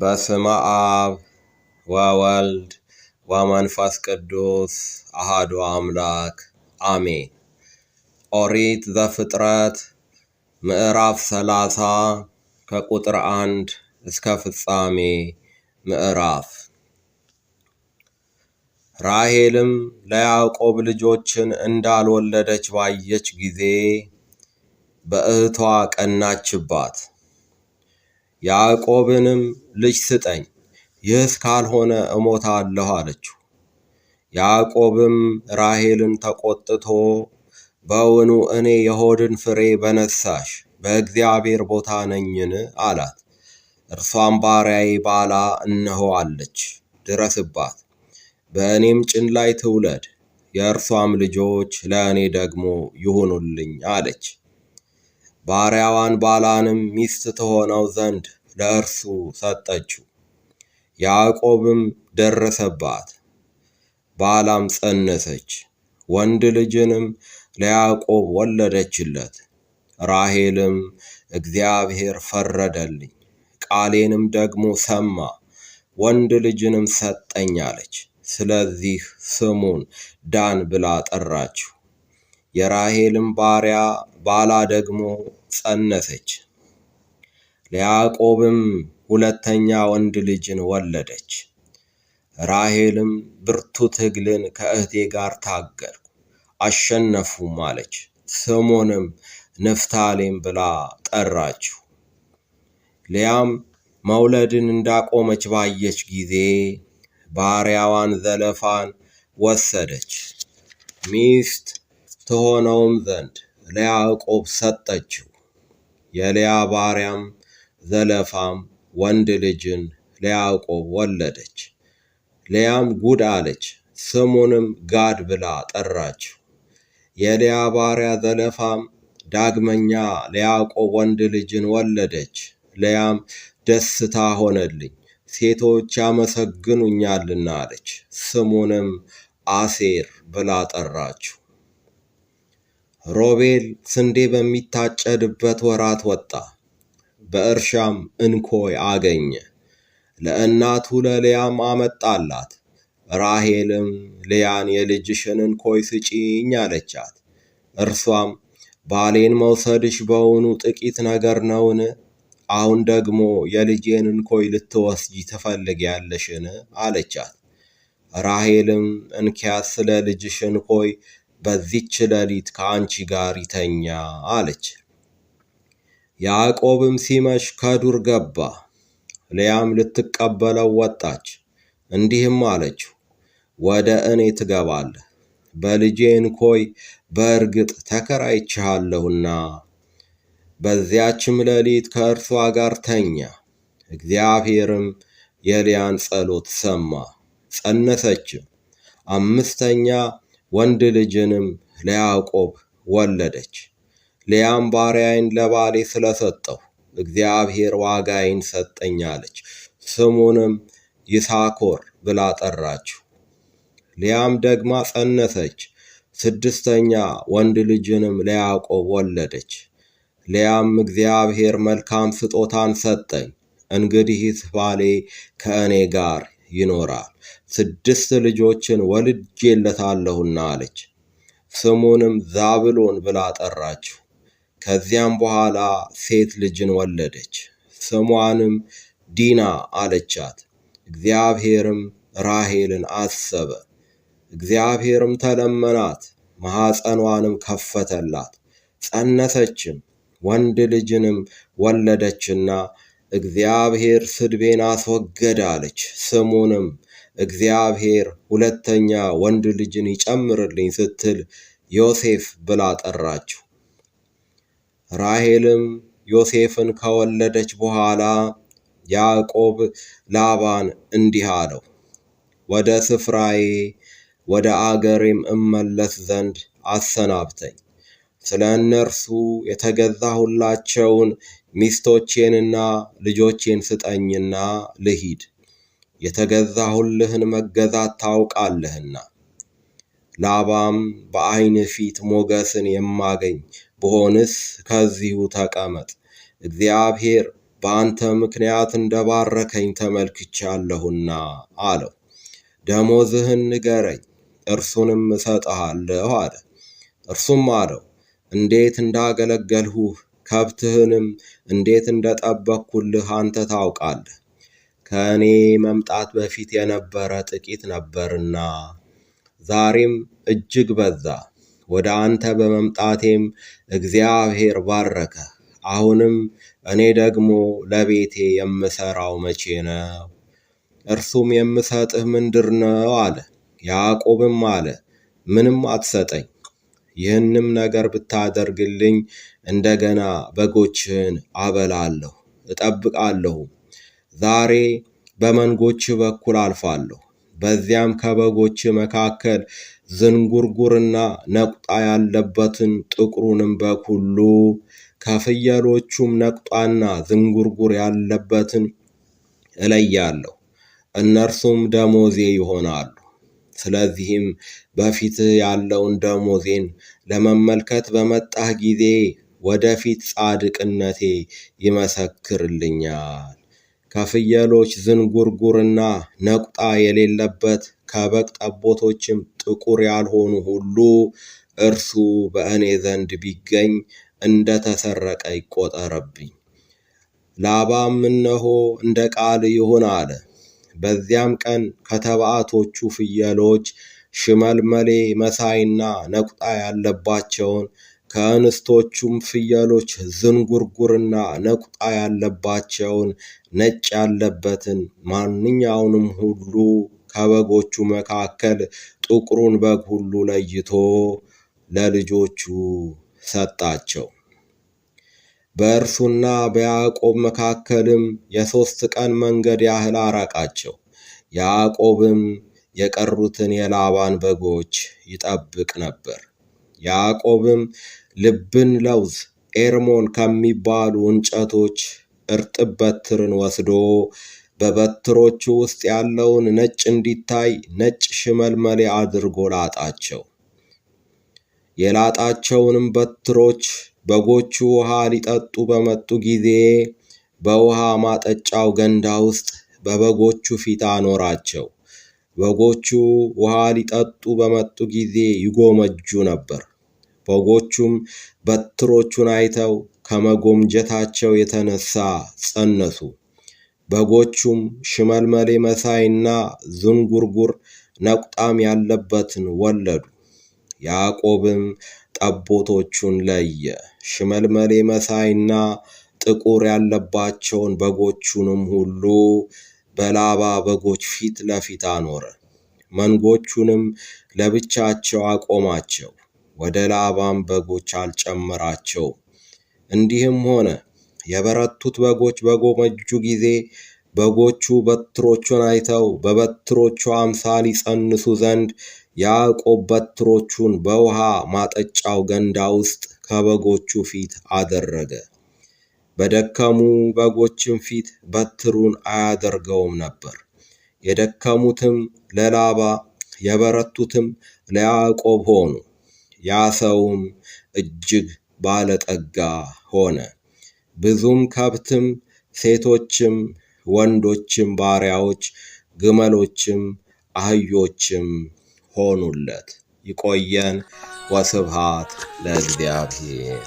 በስመ አብ ወወልድ ወመንፈስ ቅዱስ አሃዱ አምላክ አሜን። ኦሪት ዘፍጥረት ምዕራፍ ሰላሳ ከቁጥር አንድ እስከ ፍጻሜ ምዕራፍ። ራሄልም ለያዕቆብ ልጆችን እንዳልወለደች ባየች ጊዜ በእህቷ ቀናችባት። ያዕቆብንም ልጅ ስጠኝ፣ ይህስ ካልሆነ እሞታለሁ አለችው። ያዕቆብም ራሔልን ተቆጥቶ በውኑ እኔ የሆድን ፍሬ በነሳሽ በእግዚአብሔር ቦታ ነኝን? አላት። እርሷም ባሪያዬ ባላ እነሆ አለች፣ ድረስባት፣ በእኔም ጭን ላይ ትውለድ፣ የእርሷም ልጆች ለእኔ ደግሞ ይሁኑልኝ አለች። ባሪያዋን ባላንም ሚስት ትሆነው ዘንድ ለእርሱ ሰጠችው። ያዕቆብም ደረሰባት፣ ባላም ጸነሰች፣ ወንድ ልጅንም ለያዕቆብ ወለደችለት። ራሔልም እግዚአብሔር ፈረደልኝ፣ ቃሌንም ደግሞ ሰማ፣ ወንድ ልጅንም ሰጠኝ አለች። ስለዚህ ስሙን ዳን ብላ ጠራችው። የራሔልም ባሪያ ባላ ደግሞ ጸነሰች፣ ለያዕቆብም ሁለተኛ ወንድ ልጅን ወለደች። ራሔልም ብርቱ ትግልን ከእህቴ ጋር ታገልኩ አሸነፉም አለች። ስሙንም ንፍታሌም ብላ ጠራችው። ሊያም መውለድን እንዳቆመች ባየች ጊዜ ባሪያዋን ዘለፋን ወሰደች፣ ሚስት ትሆነውም ዘንድ ለያዕቆብ ሰጠችው። የሊያ ባሪያም ዘለፋም ወንድ ልጅን ለያዕቆብ ወለደች። ልያም ጉድ አለች፣ ስሙንም ጋድ ብላ ጠራችው። የልያ ባሪያ ዘለፋም ዳግመኛ ለያዕቆብ ወንድ ልጅን ወለደች። ልያም ደስታ ሆነልኝ፣ ሴቶች ያመሰግኑኛልና አለች። ስሙንም አሴር ብላ ጠራችው። ሮቤል ስንዴ በሚታጨድበት ወራት ወጣ። በእርሻም እንኮይ አገኘ። ለእናቱ ለልያም አመጣላት። ራሄልም ልያን የልጅሽን እንኮይ ስጪኝ አለቻት። እርሷም ባሌን መውሰድሽ በውኑ ጥቂት ነገር ነውን? አሁን ደግሞ የልጄን እንኮይ ልትወስጂ ትፈልጊያለሽን? አለቻት። ራሄልም እንኪያስ ስለ ልጅሽ እንኮይ በዚች ሌሊት ከአንቺ ጋር ይተኛ አለች። ያዕቆብም ሲመሽ ከዱር ገባ። ልያም ልትቀበለው ወጣች፣ እንዲህም አለችው፣ ወደ እኔ ትገባለህ፣ በልጄ እንኮይ በእርግጥ ተከራይችሃለሁና። በዚያችም ሌሊት ከእርሷ ጋር ተኛ። እግዚአብሔርም የልያን ጸሎት ሰማ፣ ጸነሰችም፣ አምስተኛ ወንድ ልጅንም ለያዕቆብ ወለደች። ልያም ባሪያዬን ለባሌ ስለሰጠሁ እግዚአብሔር ዋጋዬን ሰጠኝ አለች። ስሙንም ይሳኮር ብላ ጠራችው። ሊያም ደግማ ጸነሰች፣ ስድስተኛ ወንድ ልጅንም ለያዕቆብ ወለደች። ሊያም እግዚአብሔር መልካም ስጦታን ሰጠኝ፣ እንግዲህስ ባሌ ከእኔ ጋር ይኖራል፣ ስድስት ልጆችን ወልጄለታለሁና አለች። ስሙንም ዛብሎን ብላ ጠራችው። ከዚያም በኋላ ሴት ልጅን ወለደች፣ ስሟንም ዲና አለቻት። እግዚአብሔርም ራሄልን አሰበ። እግዚአብሔርም ተለመናት፣ ማኅፀኗንም ከፈተላት፣ ጸነሰችም፣ ወንድ ልጅንም ወለደችና እግዚአብሔር ስድቤን አስወገደ አለች። ስሙንም እግዚአብሔር ሁለተኛ ወንድ ልጅን ይጨምርልኝ ስትል ዮሴፍ ብላ ጠራችው። ራሔልም ዮሴፍን ከወለደች በኋላ ያዕቆብ ላባን እንዲህ አለው፣ ወደ ስፍራዬ ወደ አገሬም እመለስ ዘንድ አሰናብተኝ። ስለ እነርሱ የተገዛሁላቸውን ሚስቶቼንና ልጆቼን ስጠኝና ልሂድ፣ የተገዛሁልህን መገዛት ታውቃለህና። ላባም በዓይን ፊት ሞገስን የማገኝ ብሆንስ ከዚሁ ተቀመጥ፣ እግዚአብሔር በአንተ ምክንያት እንደባረከኝ ተመልክቻለሁና አለው። ደሞዝህን ንገረኝ፣ እርሱንም እሰጥሃለሁ አለ። እርሱም አለው እንዴት እንዳገለገልሁህ ከብትህንም እንዴት እንደጠበቅኩልህ አንተ ታውቃለህ። ከእኔ መምጣት በፊት የነበረ ጥቂት ነበርና ዛሬም እጅግ በዛ። ወደ አንተ በመምጣቴም እግዚአብሔር ባረከ። አሁንም እኔ ደግሞ ለቤቴ የምሰራው መቼ ነው? እርሱም የምሰጥህ ምንድር ነው አለ። ያዕቆብም አለ ምንም አትሰጠኝ፣ ይህንም ነገር ብታደርግልኝ እንደገና በጎችህን አበላለሁ እጠብቃለሁ። ዛሬ በመንጎች በኩል አልፋለሁ፣ በዚያም ከበጎች መካከል ዝንጉርጉርና ነቁጣ ያለበትን ጥቁሩንም በግ ሁሉ ከፍየሎቹም ነቁጣና ዝንጉርጉር ያለበትን እለያለሁ፣ እነርሱም ደሞዜ ይሆናሉ። ስለዚህም በፊት ያለውን ደሞዜን ለመመልከት በመጣህ ጊዜ ወደፊት ጻድቅነቴ ይመሰክርልኛል። ከፍየሎች ዝንጉርጉርና ነቁጣ የሌለበት ከበግ ጠቦቶችም ጥቁር ያልሆኑ ሁሉ እርሱ በእኔ ዘንድ ቢገኝ እንደ ተሰረቀ ይቆጠረብኝ። ላባም እነሆ እንደ ቃል ይሁን አለ። በዚያም ቀን ከተባዕቶቹ ፍየሎች ሽመልመሌ መሳይና ነቁጣ ያለባቸውን ከእንስቶቹም ፍየሎች ዝንጉርጉርና ነቁጣ ያለባቸውን ነጭ ያለበትን ማንኛውንም ሁሉ ከበጎቹ መካከል ጥቁሩን በግ ሁሉ ለይቶ ለልጆቹ ሰጣቸው። በእርሱና በያዕቆብ መካከልም የሦስት ቀን መንገድ ያህል አራቃቸው። ያዕቆብም የቀሩትን የላባን በጎች ይጠብቅ ነበር። ያዕቆብም ልብን ለውዝ፣ ኤርሞን ከሚባሉ እንጨቶች እርጥብ በትርን ወስዶ በበትሮቹ ውስጥ ያለውን ነጭ እንዲታይ ነጭ ሽመልመሌ አድርጎ ላጣቸው። የላጣቸውንም በትሮች በጎቹ ውሃ ሊጠጡ በመጡ ጊዜ በውሃ ማጠጫው ገንዳ ውስጥ በበጎቹ ፊት አኖራቸው። በጎቹ ውሃ ሊጠጡ በመጡ ጊዜ ይጎመጁ ነበር። በጎቹም በትሮቹን አይተው ከመጎምጀታቸው የተነሳ ጸነሱ። በጎቹም ሽመልመሌ መሳይና ዝንጉርጉር ነቁጣም ያለበትን ወለዱ። ያዕቆብም ጠቦቶቹን ለየ፣ ሽመልመሌ መሳይና ጥቁር ያለባቸውን በጎቹንም ሁሉ በላባ በጎች ፊት ለፊት አኖረ። መንጎቹንም ለብቻቸው አቆማቸው፣ ወደ ላባም በጎች አልጨመራቸውም። እንዲህም ሆነ የበረቱት በጎች በጎመጁ ጊዜ በጎቹ በትሮቹን አይተው በበትሮቹ አምሳል ይጸንሱ ዘንድ ያዕቆብ በትሮቹን በውሃ ማጠጫው ገንዳ ውስጥ ከበጎቹ ፊት አደረገ። በደከሙ በጎችም ፊት በትሩን አያደርገውም ነበር። የደከሙትም ለላባ የበረቱትም ለያዕቆብ ሆኑ። ያ ሰውም እጅግ ባለጠጋ ሆነ። ብዙም ከብትም ሴቶችም ወንዶችም ባሪያዎች ግመሎችም አህዮችም ሆኑለት። ይቆየን። ወስብሃት ለእግዚአብሔር።